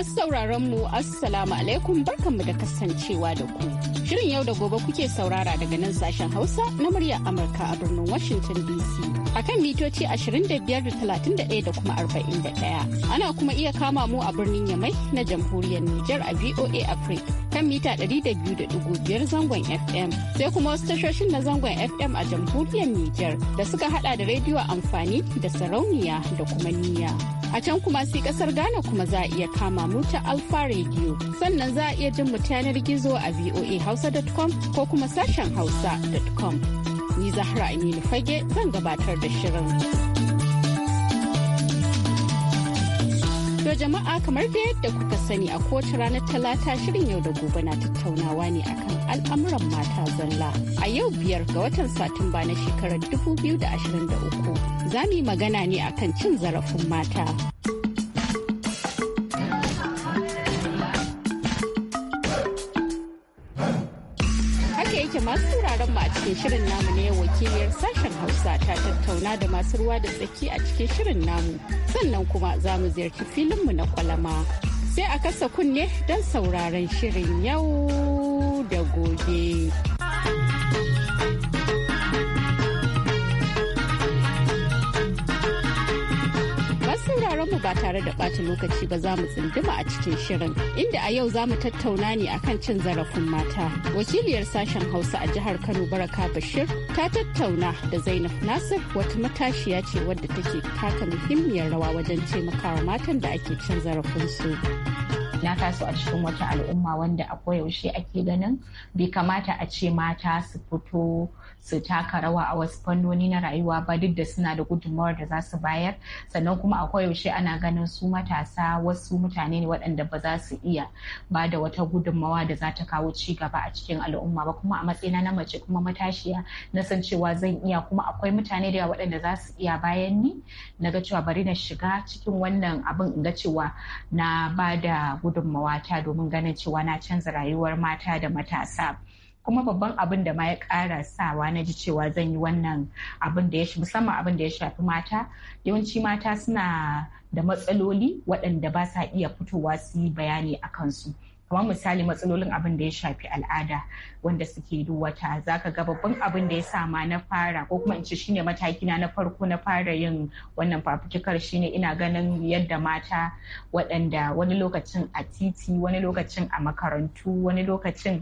Masu sauraron mu Assalamu alaikum barkanmu da kasancewa da ku. Shirin yau da gobe kuke saurara daga nan sashen Hausa na muryar Amurka a birnin Washington DC. Akan mitoci 25 da kuma 41. Ana kuma iya kama mu a birnin Yamai na jamhuriyar Nijar a VOA Africa kan mita 200.5 zangon FM. Sai kuma wasu tashoshin na zangon FM a jamhuriyar Nijar da suka hada da rediyo amfani da sarauniya da kuma niya. A can kuma sai kasar Ghana kuma za a iya kama mu ta Alfa Radio. Sannan za a iya jin mu yanar gizo a voahausa.com ko kuma sashen hausa.com. Ni Zahra Aminu Fage zan gabatar da shirin. To jama'a kamar da yadda kuka sani a kowace ranar talata shirin yau da gobe na tattaunawa ne akan al'amuran mata zalla. A yau biyar ga watan Satumba na shekarar 2023 za mu yi magana ne akan cin zarafin mata. yake masu wuraren mu a cikin shirin namu ne wakiliyar sashen hausa ta tattauna da masu ruwa da tsaki a cikin shirin namu sannan kuma za mu ziyarci filinmu na kwalama sai a kasa kunne don sauraron shirin yau da gobe. mu ba tare da ɓata lokaci ba za mu tsinduma a cikin shirin inda a yau za mu tattauna ne akan cin zarafin mata wakiliyar sashen hausa a jihar kano baraka bashir ta tattauna da zainab nasir wata matashiya ce wadda take taka muhimmiyar rawa wajen taimakawa matan da ake cin zarafin su na taso a cikin wata al'umma wanda a koyaushe ake ganin bai kamata a ce mata su fito su taka rawa a wasu fannoni na rayuwa ba duk da suna da gudunmawar da za su bayar sannan kuma a koyaushe ana ganin su matasa wasu mutane ne waɗanda ba za su iya ba da wata gudunmawa da za ta kawo ci gaba a cikin al'umma ba kuma a matsayina na mace kuma matashiya na san cewa zan iya kuma akwai mutane da waɗanda za su iya bayan ni na ga cewa bari na shiga cikin wannan abin in ga cewa na ba da gudunmawa domin ganin cewa na canza rayuwar mata da matasa. kuma babban abin da ma ya kara sawa na ji cewa zan yi wannan abin da ya shi musamman abin da ya shafi mata yawanci mata suna da matsaloli waɗanda ba sa iya fitowa su yi bayani a kansu kamar misali matsalolin abin da ya shafi al'ada wanda suke duwata za ka ga babban abin da ya sa ma na fara ko kuma in ce shine mataki na na farko na fara yin wannan fafutukar shine ina ganin yadda mata waɗanda wani lokacin a titi wani lokacin a makarantu wani lokacin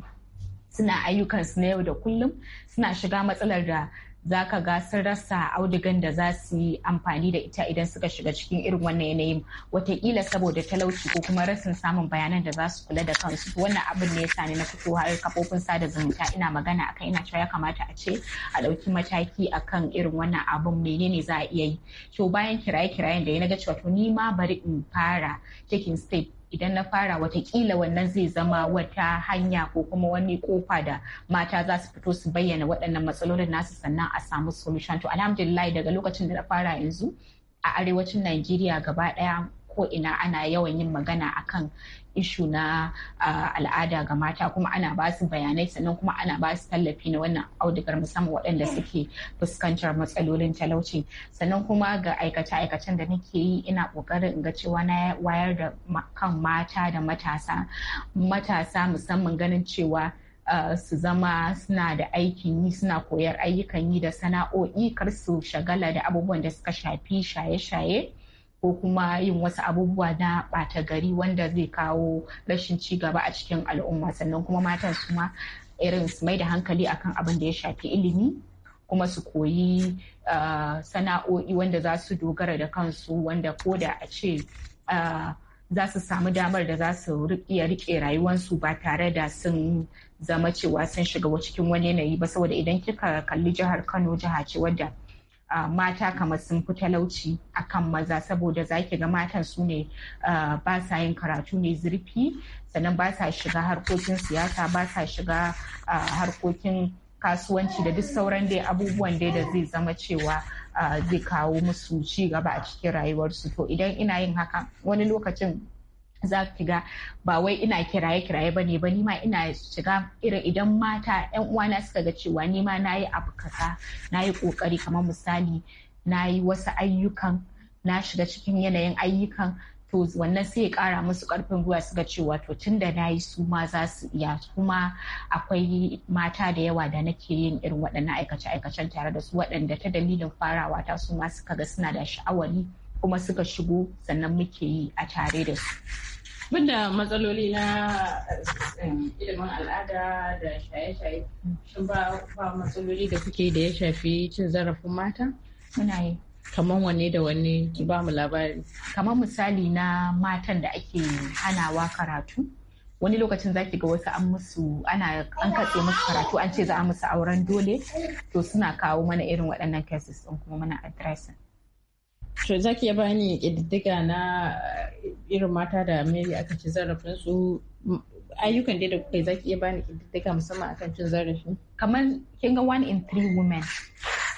suna ayyukansu na yau da kullum suna shiga matsalar da za ka ga sun rasa audigan da za su yi amfani da ita idan suka shiga cikin irin wannan yanayin watakila saboda talauci ko kuma rashin samun bayanan da za su kula da kansu wannan abin ne ya ne na fito har kafofin sada zumunta ina magana akan ina cewa ya kamata a ce a ɗauki mataki akan irin wannan abin menene za a iya yi to bayan kiraye kirayen da ya naga cewa to ni ma bari in fara taking step idan na fara watakila wannan zai zama wata hanya ko kuma wani kofa da mata za su fito su bayyana waɗannan matsalolin nasu sannan a samu solution to alhamdulillah daga lokacin da na fara yanzu a arewacin Najeriya gaba ɗaya ko ina ana yawan yin magana akan ishu na al'ada ga mata kuma ana ba su bayanai sannan kuma ana ba su tallafi na wannan audigar musamman waɗanda suke fuskantar matsalolin talauci sannan kuma ga aikace-aikacen da nake yi ina ƙoƙarin in ga cewa na wayar da kan mata da matasa matasa musamman ganin cewa Uh, su zama suna da aikin yi suna koyar ayyukan yi da sana'o'i kar su shagala da abubuwan da suka shafi shaye-shaye ko kuma yin wasu abubuwa na ɓata gari wanda zai kawo rashin ci gaba a cikin al'umma sannan kuma matan su ma irin su mai da hankali akan abin da ya shafi ilimi kuma su koyi sana'o'i wanda za su dogara da kansu wanda ko da a ce za su samu damar da za su iya riƙe rayuwarsu ba tare da sun zama cewa sun shiga cikin wani yanayi ba saboda idan kika kalli jihar kano jiha ce wadda mata kamar sun fi talauci kan maza saboda zaki ga matan su ne ba sa yin karatu ne zurfi sannan ba sa shiga harkokin siyasa ba sa shiga harkokin kasuwanci da duk sauran dai abubuwan dai da zai zama cewa zai kawo musu ci gaba a cikin rayuwarsu to idan ina yin haka wani lokacin za ki ga ba wai ina kiraye kiraye bane ba ni ina shiga irin idan mata yan uwana suka ga cewa ni ma nayi abu na yi kokari kamar misali nayi wasu ayyukan na shiga cikin yanayin ayyukan to wannan sai ya kara musu karfin gwiwa suka ce wato tun da na yi su ma za su iya kuma akwai mata da yawa da nake yin irin waɗannan aikace-aikacen tare da su waɗanda ta dalilin farawa ta su ma suka ga suna da sha'awari kuma suka shigo sannan muke yi a tare da su. Bunda matsaloli na eh, ilimin al'ada da shaye-shaye shin ba matsaloli da kuke da ya shafi cin zarafin mata? Muna yi. Kamar wanne da wanne ki ba mu labari. Kamar misali na matan da ake hanawa karatu. wani lokacin zaki ga wasu an musu ana an katse musu karatu an ce za a musu auren dole to suna kawo mana irin waɗannan cases ɗin kuma mana addressing To za ki bani ƙididdiga na eh, irin mata da maybe aka ci zarafin su ayyukan dai da kuka zaki za iya bani ƙididdiga musamman akan cin zarafi. Kamar kin ga one in three women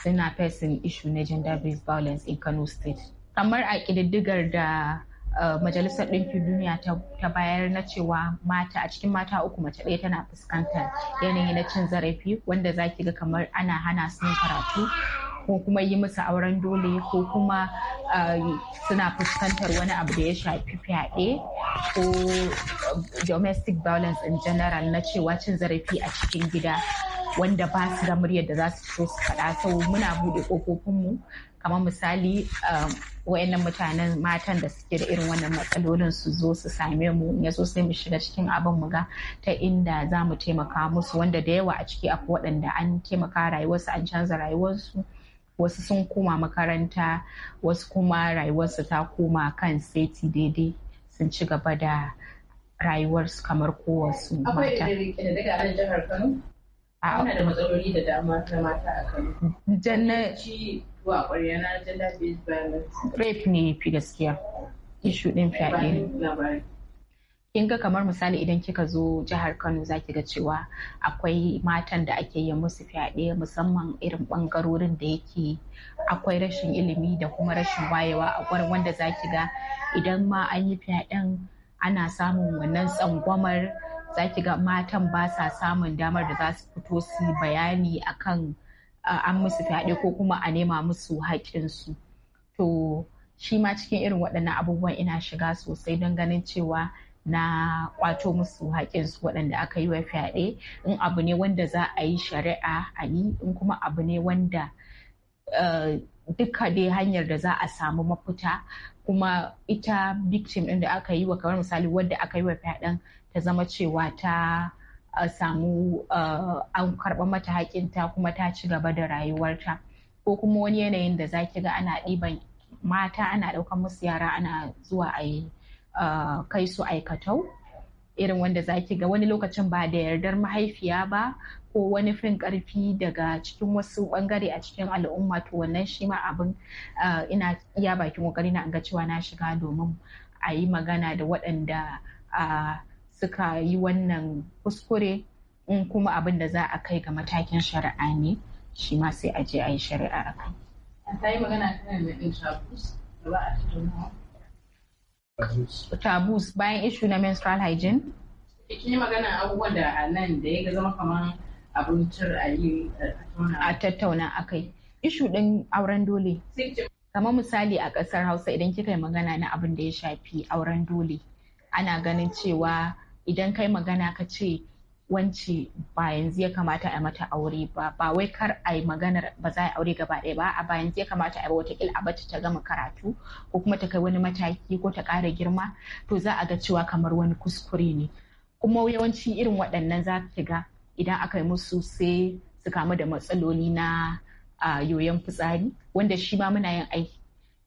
suna facing issue na gender based violence in Kano state. Kamar a ƙididdigar da eh, majalisar ɗinkin duniya ta bayar na cewa mata a cikin mata uku mace ɗaya tana fuskantar yanayi na cin zarafi wanda za ga kamar ana hana su karatu ko kuma yi musu auren dole ko kuma eh, suna fuskantar wani abu da ya shafi fyaɗe ko eh, domestic violence in general na cewa cin zarafi a cikin gida wanda ba su da muryar da za su so su faɗa sau muna buɗe ƙofofinmu kamar misali eh, wayannan mutanen matan da suke da irin wannan matsalolin su zo su same mu ya zo sai mu shiga cikin abin mu ga ta inda za mu taimaka musu wanda da yawa a ciki akwai waɗanda an taimaka rayuwarsu an canza rayuwarsu wasu sun koma makaranta wasu kuma rayuwarsu ta koma kan seti daidai sun ci gaba da rayuwarsu kamar kowasu mata. Akwai da matsaloli da dama na mata a Kano. Janna. Wa ƙwarya na janda Rape ne fi gaskiya. Ishu ɗin fyaɗe. kin ga kamar misali idan kika zo jihar Kano za ki ga cewa akwai matan da ake yi musu fyaɗe musamman irin ɓangarorin da yake akwai rashin ilimi da kuma rashin wayewa a gurin wanda za ki ga idan ma an yi fyaɗen ana samun wannan tsangwamar za ki ga matan ba sa samun damar da za su fito su bayani akan an musu fyaɗe ko kuma a nema musu haƙƙinsu. To shi ma cikin irin waɗannan abubuwan ina shiga sosai don ganin cewa na kwato musu su waɗanda aka yi wa fyaɗe in abu ne wanda za a yi shari'a a yi in kuma abu ne wanda eh, duka dai hanyar da za a samu mafita kuma ita victim ɗin da aka yi wa kamar misali wadda aka yi wa fyaɗen ta zama cewa ta eh, samu eh, an karɓa mata haƙinta kuma ta ci gaba da rayuwarta ko kuma wani yanayin da za ki ga ana ɗiban mata ana ɗaukar musu yara ana zuwa a yi kai su aikatau irin wanda zaki ga wani lokacin ba da yardar mahaifiya ba ko wani fin karfi daga cikin wasu bangare a cikin al'umma to wannan shi ma abin ina iya bakin kokari na ga cewa na shiga domin a yi magana da waɗanda suka yi wannan kuskure in kuma abin da za a kai ga matakin shari'a ne shi ma sai a je a yi shari'a a kai. magana kan Tabus, bayan ishu na menstrual hygiene eh, kin yi magana abubuwan da nan da ya zama kamar a yi a tattauna akai ishu ɗin auren dole kamar misali a ƙasar hausa idan kika yi magana na abin da ya shafi auren dole ana ganin cewa idan kai magana ka ce wanci ba yanzu ya kamata a mata aure ba ba wai kar a yi maganar ba za a aure gaba ɗaya ba a ba yanzu ya kamata a yi watakila a bata ta gama karatu ko kuma ta kai wani mataki ko ta ƙara girma to za a ga cewa kamar wani kuskure ne kuma yawanci irin waɗannan za ki ga idan aka yi musu sai su kamu da matsaloli na yoyon fitsari wanda shi ma muna yin aiki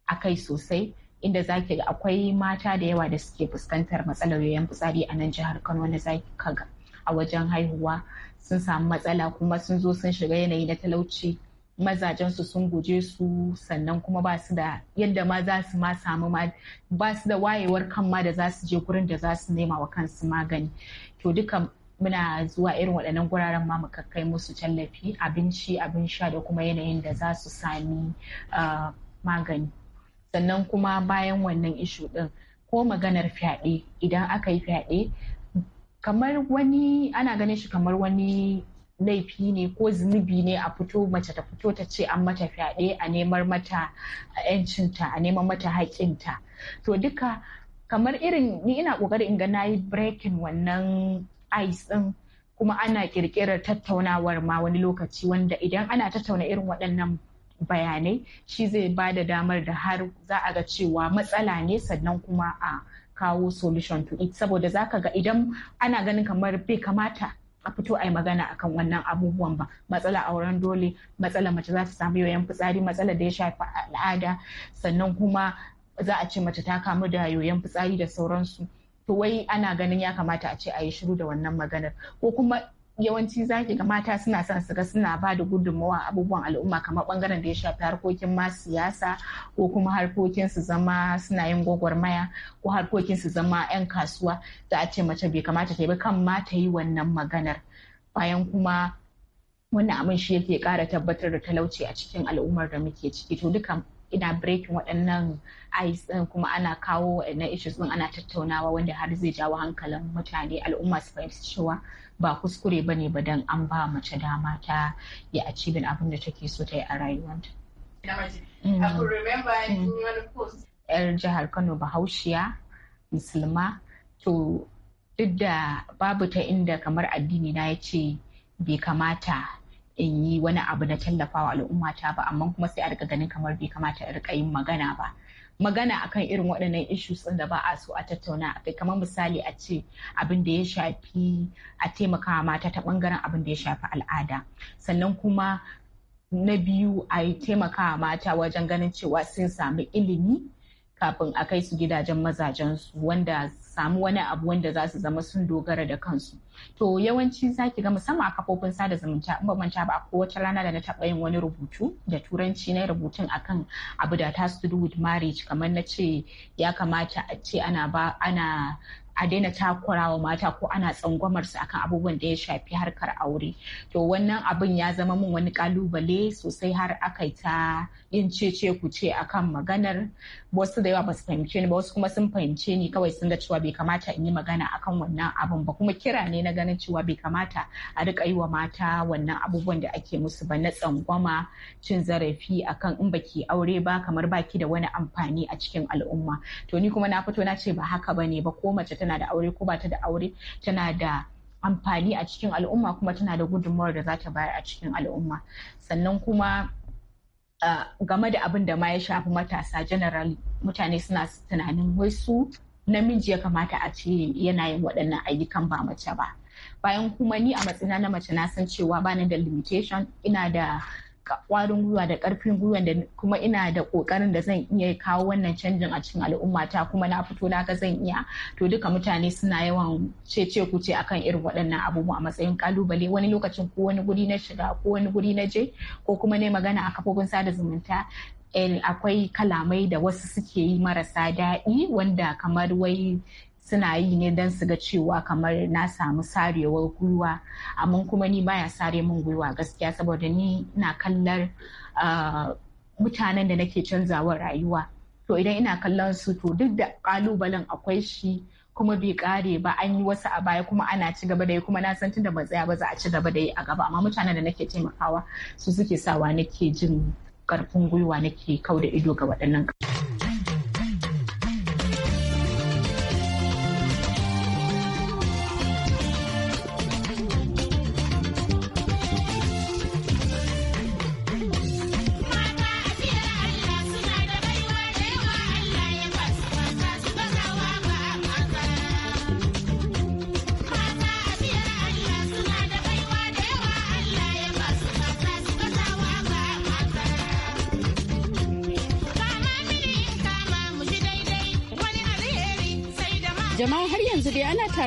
a kai sosai inda za ki ga akwai mata da yawa da suke fuskantar matsalar yoyon fitsari a nan jihar Kano wanda za ka ga a wajen haihuwa sun samu matsala kuma sun zo sun shiga yanayi na talauci mazajen su sun guje su sannan kuma ba su da yadda ma za su ma samu ma ba su da wayewar kan ma da za su je gurin da za su nema wa kansu magani to duka muna zuwa irin waɗannan guraren ma kai musu tallafi abinci abin sha da kuma yanayin da za su sami ah, magani sannan kuma bayan wannan ishu ɗin ko maganar fyaɗe idan aka yi fyaɗe kamar wani ana ganin shi kamar wani laifi ne ko zunubi ne a fito mace ta fito ta ce an mata fyaɗe a neman mata yancinta a neman mata haƙinta to duka kamar irin ni ina ƙoƙari in ga na yi breaking wannan ice ɗin kuma ana ƙirƙirar tattaunawar ma wani lokaci wanda idan ana tattauna irin waɗannan bayanai shi zai ba da damar da har za a ga cewa matsala ne sannan kuma a kawo solution to it saboda zaka ga idan ana ganin kamar bai kamata a fito a yi magana akan wannan abubuwan ba matsala auren dole matsala mace za ta samu yoyon fitsari matsala da ya shafi al'ada sannan kuma za a ce mace ta kamu da yoyon fitsari da sauransu to wai ana ganin ya kamata a ce a yi shiru da wannan maganar ko kuma yawanci zaki ga mata suna son su ga suna ba da gudunmawa abubuwan al'umma kamar bangaren da ya shafi harkokin ma siyasa ko kuma harkokin su zama suna yin gwagwarmaya ko harkokin su zama 'yan kasuwa da a ce mace bai kamata ta yi kan ma ta yi wannan maganar bayan kuma wannan abin shi yake kara tabbatar da talauci a cikin al'ummar da muke ciki to duka ina breaking waɗannan ice ɗin kuma ana kawo waɗannan issues ɗin ana tattaunawa wanda har zai jawo hankalin mutane al'umma su fahimci cewa ba kuskure ba ne ba dan an ba mace dama ta a achieving abin da take so ta yi a rayuwanta. Mm. yar jihar Kano Bahaushiya Musulma to duk da babu ta inda kamar addini na ya ce bai kamata in yi wani abu na tallafawa al'ummata ba amma kuma sai a rika ganin kamar bai kamata a rika yin magana ba magana akan irin waɗannan issues ɗin da ba a so a tattauna a kai kamar misali a ce abin da ya shafi a taimakawa mata ta ɓangaren abin da ya shafi al'ada sannan kuma na biyu a taimakawa mata wajen ganin cewa sun sami ilimi kafin a kai su gidajen mazajensu wanda samu wani abu wanda za su zama sun dogara da kansu to yawanci zaki ga musamman a kafofin sada zumunta in manta ba ko wata rana da na taɓa yin wani rubutu da turanci na rubutun akan abu da ta su do with marriage kamar na ce ya kamata a ce ana ba ana a daina wa mata ko ana tsangwamar su akan abubuwan da ya shafi harkar aure to wannan abin ya zama min wani kalubale sosai har aka ta yin cece ku ce akan maganar wasu da yawa ba su fahimce ni ba wasu kuma sun fahimce ni kawai sun ga cewa bai kamata in yi magana akan wannan abin ba kuma kira ne na ganin cewa bai kamata a rika yi wa mata wannan abubuwan da ake musu ba na tsangwama cin zarafi akan in baki aure ba kamar baki da wani amfani a cikin al'umma to ni kuma na fito na ce ba haka ba ne ba ko mace tana da aure ko ba ta da aure tana da amfani a cikin al'umma kuma tana da gudunmawar da za ta bayar a cikin al'umma sannan kuma game da abin da ma ya shafi matasa general mutane suna tunanin wai su namiji ya kamata a ce yana yin waɗannan ayyukan ba mace ba bayan kuma ni a matsina na mace na san cewa bani da limitation ina da kwarin gwiwa da karfin gwiwa da kuma ina da kokarin da zan iya kawo wannan canjin a cikin al'ummata kuma na fito na ga zan iya to duka mutane suna yawan cece ku ce akan irin waɗannan abubuwa a matsayin kalubale wani lokacin ko wani guri na shiga ko wani guri na je ko kuma ne magana a kafofin sada zumunta eh, akwai kalamai da wasu suke yi marasa daɗi wanda kamar wai suna yi ne don su ga cewa kamar na samu sarewar gwiwa amma kuma ni baya sare min gwiwa gaskiya saboda ni na kallar mutanen da nake canzawa rayuwa to idan ina kallon su to duk da kalubalen akwai shi kuma bai kare ba an yi wasu a baya kuma ana ci gaba da yi kuma na san tunda ba tsaya ba za a ci gaba da yi a gaba amma mutanen da nake taimakawa su suke sawa nake jin karfin gwiwa nake kau da ido ga waɗannan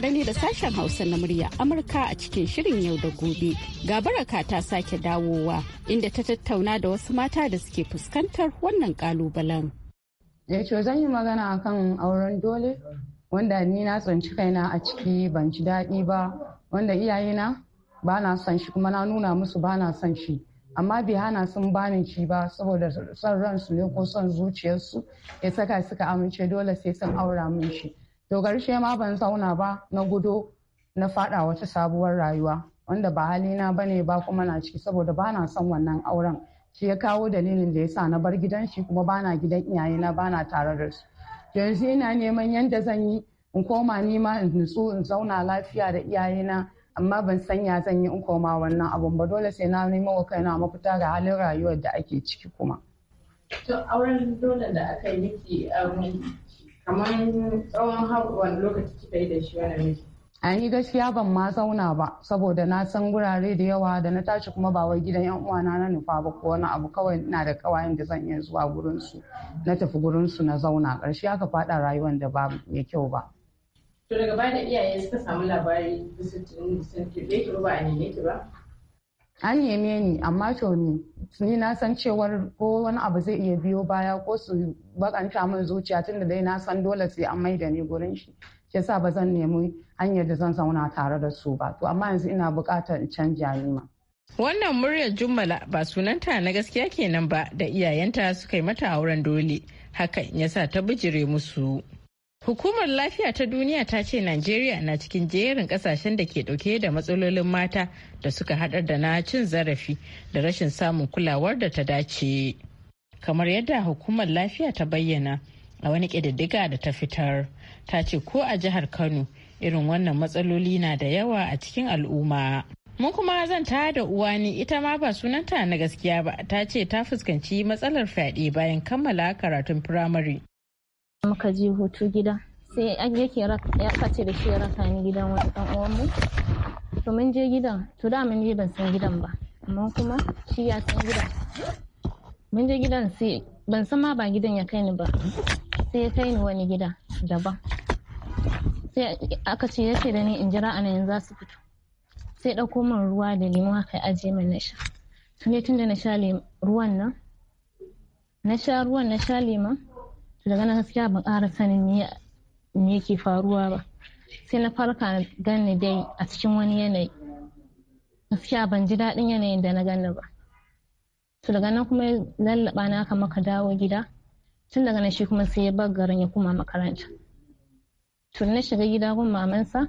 tare ne da sashen Hausa na murya Amurka a cikin shirin yau da gobe. Ga baraka ta sake dawowa inda ta tattauna da wasu mata da suke fuskantar wannan kalubalen. Yace eh zan yi magana akan auren dole wanda ni na tsinci kaina a ciki ban ji daɗi ba wanda iyayena ba na son shi kuma na nuna musu ba na son shi. amma bai hana sun bani shi ba saboda son ransu ne ko son zuciyarsu ya saka suka amince dole sai sun aura min shi to garshe ma ban zauna ba na gudo na fada wata sabuwar rayuwa wanda ba halina ba ne ba kuma na ciki saboda ba na son wannan auren shi ya kawo dalilin da ya sa na bar gidan shi kuma ba na gidan iyayena ba na tare da su yanzu ina neman yadda zan yi in koma nima in nutsu in zauna lafiya da iyayena amma ban sanya zan yi in koma wannan abun ba dole sai na nemo wa kaina mafita ga halin rayuwar da ake ciki kuma. To auren dole da aka yi miki um, kamar tsawon wani lokaci kika yi da shi wani miji a ni gaskiya ban ma zauna ba saboda na san gurare da yawa da na tashi kuma ba wai gidan yan uwana na nufa ba ko wani abu kawai na da kawayen da zan iya zuwa gurin su na tafi gurin su na zauna karshe aka fada rayuwar da ba mai kyau ba to daga baya da iyaye suka samu labari sun ki ba a nene ki ba an neme ni amma to ni na san cewar ko wani abu zai iya biyo baya ko su bakanta min zuciya tunda dai na san dole sai an maida ni gurin shi ke sa ba zan nemi hanyar da zan zauna tare da su ba to amma yanzu ina bukatar in canja ni ma wannan muryar jummala ba sunanta na gaskiya kenan ba da iyayenta suka yi mata auren dole hakan yasa ta bijire musu Hukumar lafiya ta duniya ta ce Najeriya na cikin jerin kasashen da ke dauke da matsalolin mata da suka haɗar da na cin zarafi da rashin samun kulawar da ta dace. Kamar yadda hukumar lafiya ta bayyana a wani ƙididdiga da ta fitar, ta ce ko a jihar Kano irin wannan matsaloli na da yawa a cikin al'umma. Mun kuma zan ta da uwa ne ita ma ba sunanta na gaskiya ba ta ce ta fuskanci matsalar fyaɗe bayan kammala karatun firamare muka je hutu gida sai an yake ya kace da shi ya raka ni gidan wani dan uwanmu to mun je gidan to da mun je ban san gidan ba amma kuma shi ya san gidan mun je gidan sai ban san ma ba gidan ya kai ni ba sai ya kai ni wani gida daban sai aka ce yace da ni in jira ana yanzu za su fito sai ɗauko min ruwa da lemu haka aje min na sha tun da na sha ruwan nan na sha ruwan na sha lema daga nan gaskiya ban ƙara sanin me yake faruwa ba sai na farka ganni dai a cikin wani yanayi gaskiya ban ji daɗin yanayin da na gani ba to daga nan kuma lallaba na aka maka dawo gida tun daga nan shi kuma sai ya bar garin ya kuma makaranta to na shiga gida gun mamansa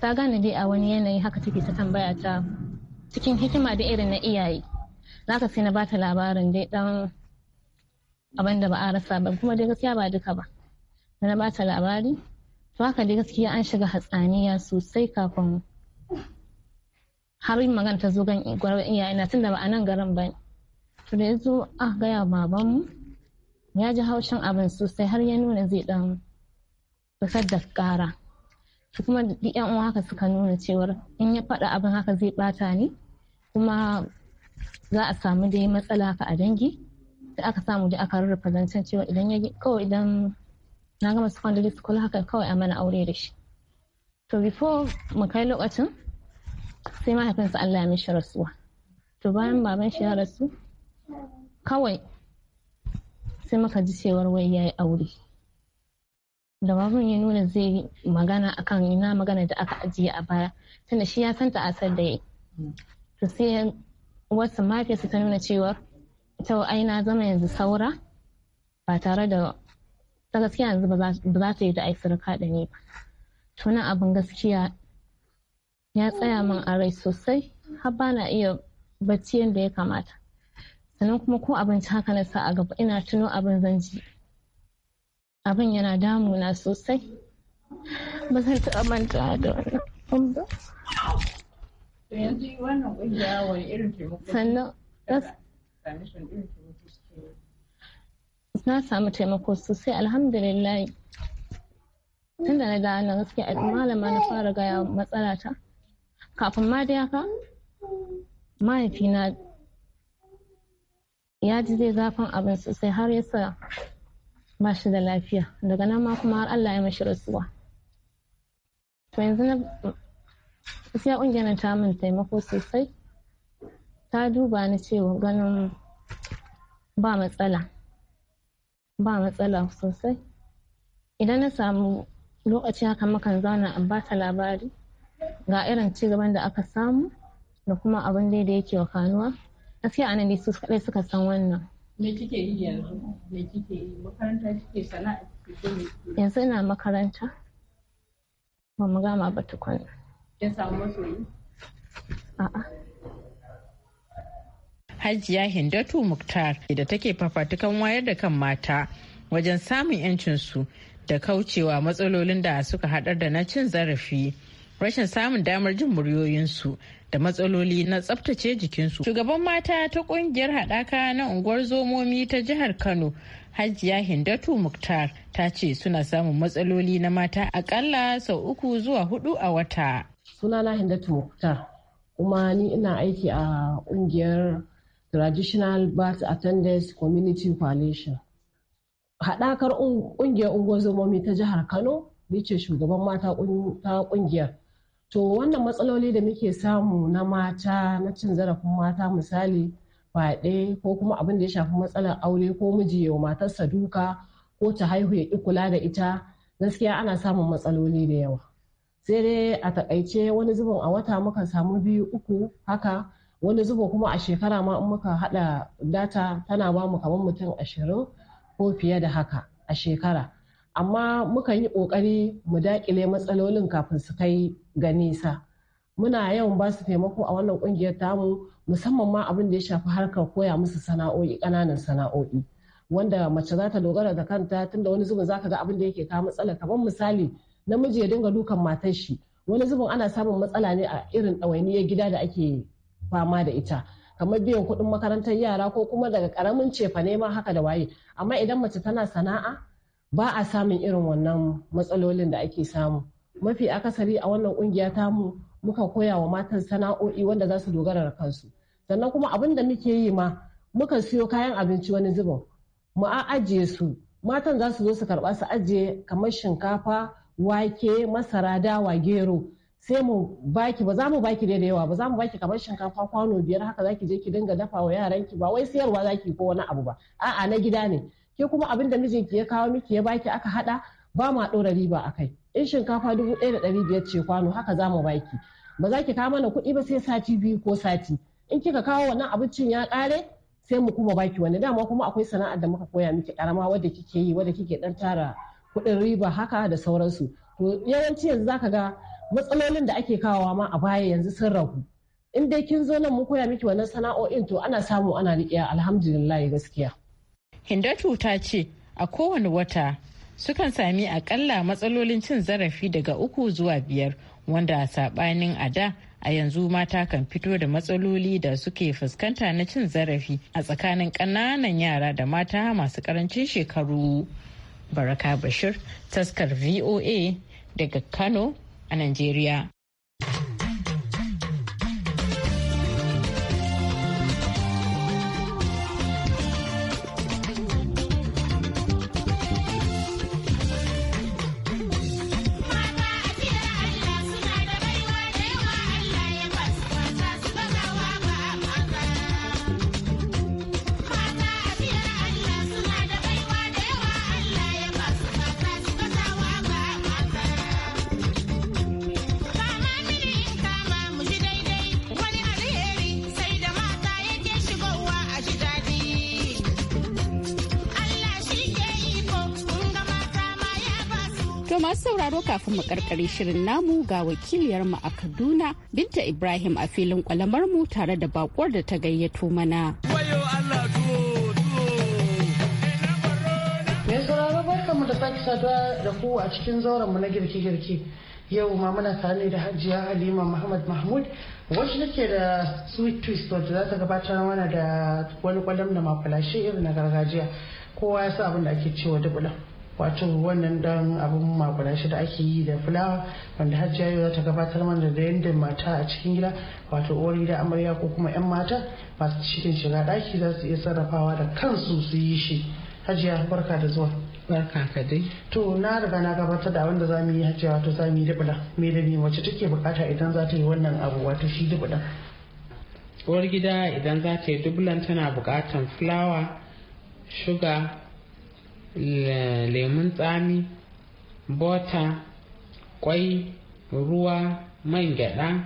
ta gane dai a wani yanayi haka take ta tambaya ta cikin hikima da irin na iyaye ka sai na bata labarin dai dan abin da ba a rasa ba kuma dai gaskiya ba duka ba da na bata labari to haka dai gaskiya an shiga hatsaniya sosai kafin har yin magana ta zo gan tun tunda ba a nan garin ba to da ya zo a gaya babanmu ya ji haushin abin sosai har ya nuna zai dan fitar da kara To kuma duk yan uwa haka suka nuna cewar in ya faɗa abin haka zai bata ni kuma za a samu dai matsala haka a dangi da aka samu da aka rarrafa zancen cewa idan ya kawai idan na gama secondary school haka kawai a mana aure da shi to before mu kai lokacin sai mahaifinsa Allah ya mishi rasuwa to bayan baban shi ya rasu kawai sai muka ji cewar wai ya yi aure da baban ya nuna zai magana akan ina magana da aka ajiye a baya tunda shi ya santa asar da ya yi to sai wasu su ta nuna cewar ta ai na zama yanzu saura ba tare da ta gaskiya yanzu ba za ta yi da ai surka da ni ba tunan abin gaskiya ya tsaya min a rai sosai har ba na iya bacci yadda ya kamata sannan kuma ko abinci haka na sa a gaba ina tuno abin zan ji abin yana damuna sosai ba zan taɓa manta da wannan sannan na samu taimako sosai alhamdulillahi, tun da na da na gaske malama na fara gaya matsalata. ta kafin ma da haka mahaifina ya ji zai zafin abin sosai har yasa ba shi da lafiya daga nan ma kuma har Allah ya mashi rasuwa to yanzu na gaskiya ƙungiyar ta min taimako sosai ta duba ni cewa ganin ba matsala ba matsala sosai idan na samu lokaci haka makan zauna a ba ta labari ga irin ci gaban da aka samu da kuma abin da da yake wakanuwa gaskiya anan ne su kadai suka san wannan me kike yi yanzu me kike yi makaranta kike sana'a kike me yanzu ina makaranta ba mu gama ba tukun kin samu masoyi a'a hajiya hindatu muktar da take fafatukan wayar da kan mata wajen samun 'yancinsu da kaucewa matsalolin da suka haɗar da na cin zarafi rashin samun damar jin muryoyinsu da matsaloli na tsabtace jikinsu. Shugaban mata ta kungiyar haɗaka na unguwar zomomi ta jihar Kano, Hajiya Hindatu Muktar ta ce suna samun matsaloli na mata akalla sau uku zuwa hudu a wata. Sunana Hindatu Muktar, kuma ni ina aiki a kungiyar Traditional Birth attendance Community Coalition. Haɗakar ƙungiyar unguwar zomomi ta jihar Kano, Bice shugaban mata ta ƙungiyar. To wannan matsaloli da muke samu na mata na cin zarafin mata misali faɗe ko kuma abin da ya shafi matsalar aure ko miji yau matarsa duka ko ta haihu ya ƙi kula da ita gaskiya ana samun matsaloli da yawa. Sai dai a takaice wani zubin a wata muka samu biyu uku haka wani zuba kuma a shekara ma in muka hada data tana ba mu kamar mutum ashirin ko fiye da haka a shekara amma muka yi kokari mu dakile matsalolin kafin su kai ga nisa muna yawan ba su taimako a wannan kungiyar tamu musamman ma abin da ya shafi harkar koya musu sana'o'i kananan sana'o'i wanda mace za ta dogara da kanta tunda wani zubin zaka ga abin da yake kawo matsala kamar misali namiji ya dinga dukan matar shi wani zubin ana samun matsala ne a irin ɗawainiyar gida da ake fama da ita kamar biyan kuɗin makarantar yara ko kuma daga ƙaramin ne ma haka da waye amma idan mace tana sana'a ba a samun irin wannan matsalolin da ake samu mafi akasari a wannan ƙungiya mu muka koya wa matan sana'o'i wanda za su dogara da kansu sannan kuma abin da muke yi ma muka siyo kayan abinci wani zubin mu a ajiye su matan za su zo su karɓa su ajiye kamar shinkafa wake masara dawa gero sai mu baki ba za mu baki da yawa ba za mu baki kamar shinkafa kwano biyar haka zaki je ki dinga dafa wa yaranki ba wai siyarwa zaki ko wani abu ba a'a na gida ne ke kuma abin da mijinki ya kawo miki ya baki aka hada ba ma dora riba a kai in shinkafa dubu ɗaya da ɗari biyar ce kwano haka za mu baki ba za ki kawo mana kuɗi ba sai sati biyu ko sati in kika kawo wannan abincin ya ƙare sai mu kuma baki wani dama kuma akwai sana'ar da muka koya miki karama wadda kike yi wadda kike ɗan tara kuɗin riba haka da sauransu to yawanci yanzu zaka ga matsalolin da ake kawowa ma a baya yanzu sun ragu in dai kin zo nan mu koya miki wannan sana'o'in to ana samu ana riƙe alhamdulillah gaskiya hindatu ta ce a kowane wata sukan sami akalla matsalolin cin zarafi daga uku zuwa biyar wanda a sabanin a da a yanzu mata kan fito da matsaloli da suke fuskanta na cin zarafi a tsakanin ƙananan yara da mata masu ƙarancin shekaru baraka bashir taskar voa daga kano a Najeriya. masu sauraro kafin mu karkare shirin namu ga wakiliyarmu a Kaduna Binta Ibrahim a filin kwalamar mu tare da bakuwar da ta gayyato mana. Mai sauraro mu da sake saduwa da ku a cikin zauren mu na girki-girki. yau ma muna tare da hajiya halima muhammad mahmud wacce take da sweet twist wadda za ta gabatar mana da wani kwalam na makulashe irin na gargajiya kowa ya sa abin da ake cewa dubulan wato wannan dan abun makwana shi da ake yi da fulawa wanda Hajiya yau za ta gabatar mana da yadda mata a cikin gida wato uwar gida amarya ko kuma 'yan mata masu cikin shiga daki za su iya sarrafawa da kansu su yi shi hajjiya barka da zuwa barka ka dai to na riga na gabatar da wanda zamu yi hajjiya wato zamu yi dubula me da me wacce take bukata idan za ta yi wannan abu wato shi dubula uwar gida idan za ta yi dubulan tana bukatan fulawa shuga lemun tsami bota kwai ruwa man gyada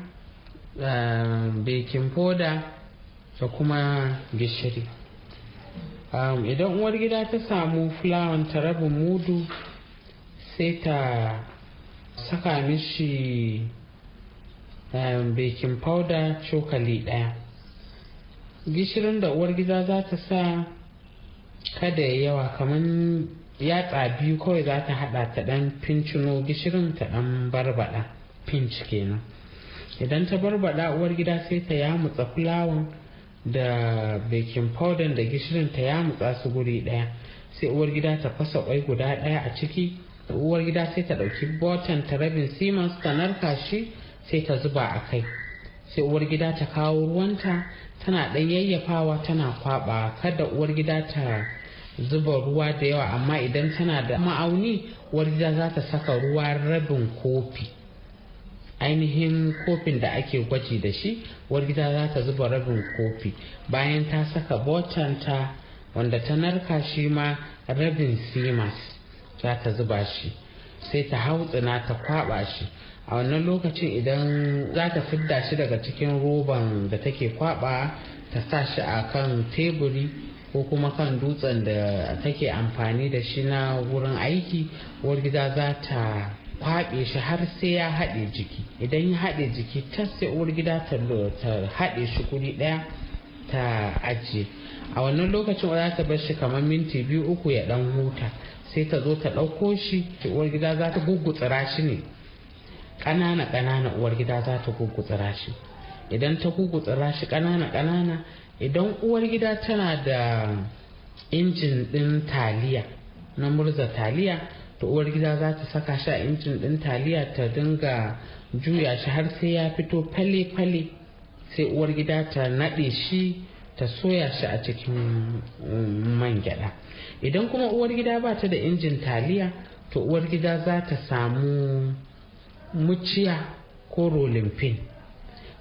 eh, baking foda, da kuma gishiri um, idan uwar gida ta samu fulawan ta rabin mudu sai ta saka mishi eh, baking powder cokali daya gishirin da uwar gida za ta sa kada ya yawa kamar yatsa biyu kawai za ta hada ta dan fincino gishirin ta dan barbada pinch kenan idan ta barbada uwar gida sai ta yamutsa fulawan da baking powder da gishirin ta yamutsa su guri daya sai uwar gida ta fasa kwai guda daya a ciki uwar gida sai ta dauki botan ta rabin siemens ta narka shi sai ta zuba a kai sai uwar gida ta kawo ruwanta tana ɗan yayyafawa tana kwaba kada uwar gida ta zuba ruwa da yawa amma idan tana da ma'auni uwar gida za ta saka ruwa rabin kofi ainihin kofin da ake gwaji da shi uwar gida za ta zuba rabin kofi bayan ta saka botanta wanda ta narka shi ma rabin simas za ta zuba shi sai ta hau tsina ta kwaba shi a wannan lokacin idan za ta fidda shi daga cikin roban da take kwaba ta sa shi a kan teburi ko kuma kan dutsen da take amfani da shi na wurin aiki uwar gida za ta kwaɓe shi har sai ya haɗe jiki idan ya haɗe jiki ta sai uwar gida ta haɗe shi kuri ɗaya ta ajiye a wannan lokacin za ta bar shi kamar minti biyu uku ya ɗan huta sai ta zo ta ɗauko shi uwar gida za ta tsira shi ne ƙanana ƙanana uwar gida za ta gugutsura shi idan ta gugutsura shi ƙanana ƙanana idan uwar gida tana da injin ɗin taliya na murza taliya to uwar gida za ta saka shi a injin ɗin taliya ta dinga juya shi har sai ya fito fale-fale sai uwar gida ta naɗe shi ta soya shi a cikin um, man gyaɗa idan kuma uwar gida ba ta da injin taliya to uwar gida za ta samu muciya ko rolimfin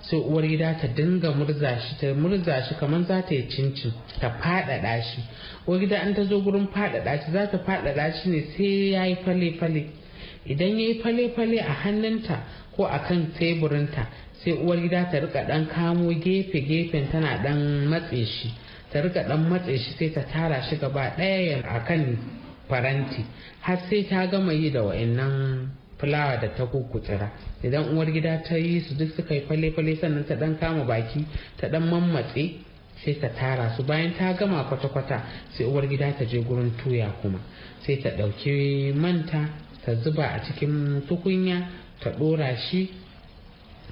sai uwar gida ta dinga murza shi ta murza shi kamar za ta yi cincin ta faɗaɗa shi uwar gida an ta zo gurin faɗaɗa shi za ta faɗaɗa shi ne sai ya yi fale-fale idan ya yi fale-fale a hannunta ko a kan teburinta sai uwar gida ta rika ɗan kamo gefe-gefen tana ɗan matse shi ta rika ɗan matse shi sai ta tara shi gaba ɗaya a kan faranti har sai ta gama yi da wa'annan fulawa da ta kukutsira idan uwar gida ta yi su duk suka yi kwale-kwale sannan ta dan kama baki ta dan mammatse sai ta tara su bayan ta gama kwata-kwata sai uwar gida ta je gurin tuya kuma sai ta ɗauki manta ta zuba a cikin tukunya ta ɗora shi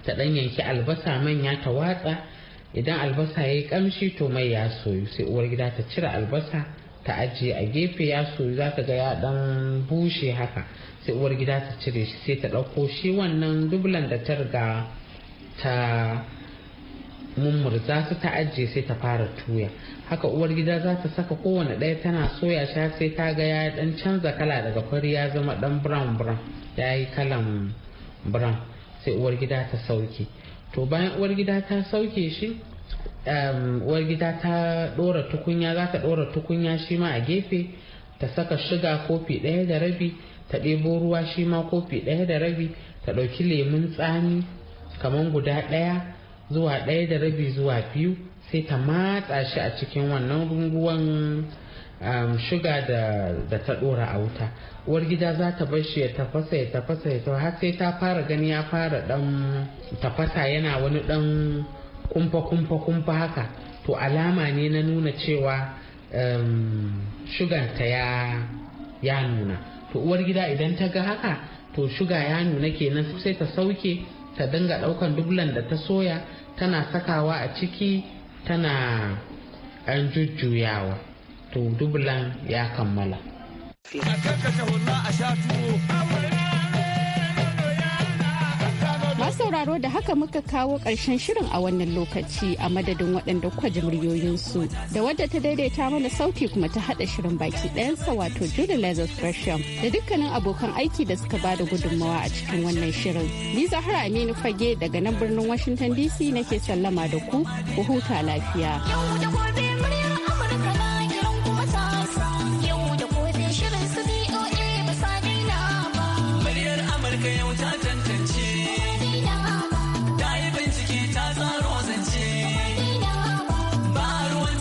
ta ɗan yanki albasa manya ta watsa idan albasa ya yi ƙamshi to mai ya soyu sai uwar gida ta cire albasa ta ajiye a gefe ya soyu za ta ga ya ɗan bushe haka sai uwar gida ta cire shi sai ta ɗauko shi wannan dublan da ta riga ta mummurza su ta ajiye sai ta fara tuya haka uwar gida za ta saka kowane ɗaya tana soya sha sai ta ga ya ɗan canza kala daga fari ya zama ɗan brown brown ya yi kalan brown sai uwar gida ta sauke to bayan uwar gida ta sauke shi um, uwar gida ta ɗora tukunya za ta ɗora tukunya shi ma a gefe ta saka shiga kofi ɗaya da rabi ta ɗebo ruwa shi ma kofi ɗaya da rabi ta ɗauki lemun tsami kamar guda ɗaya zuwa ɗaya da rabi zuwa biyu sai ta matsa shi a cikin wannan runguwan um, shuga da, ta ɗora a wuta uwar gida za ta bar shi ya tafasa ya tafasa ya tafasa har sai ta fara gani ya fara ɗan tafasa yana wani ɗan kumfa kumfa kumfa haka to alama ne na nuna cewa um, ta ya nuna to uwar gida idan ta ga haka to shuga ya nuna kenan sai ta sauke ta dinga daukan dublan da ta soya tana sakawa a ciki tana an jujjuyawa to dublan ya kammala a sauraro da haka muka kawo ƙarshen shirin a wannan lokaci a madadin waɗanda kuka ji muryoyinsu da wadda ta daidaita mana sauti kuma ta haɗa shirin baki ɗayansa wato Julie Lazar da dukkanin abokan aiki da suka bada gudunmawa a cikin wannan shirin. Ni Zahra Aminu Fage daga nan birnin Washington DC nake sallama da ku, ku huta lafiya.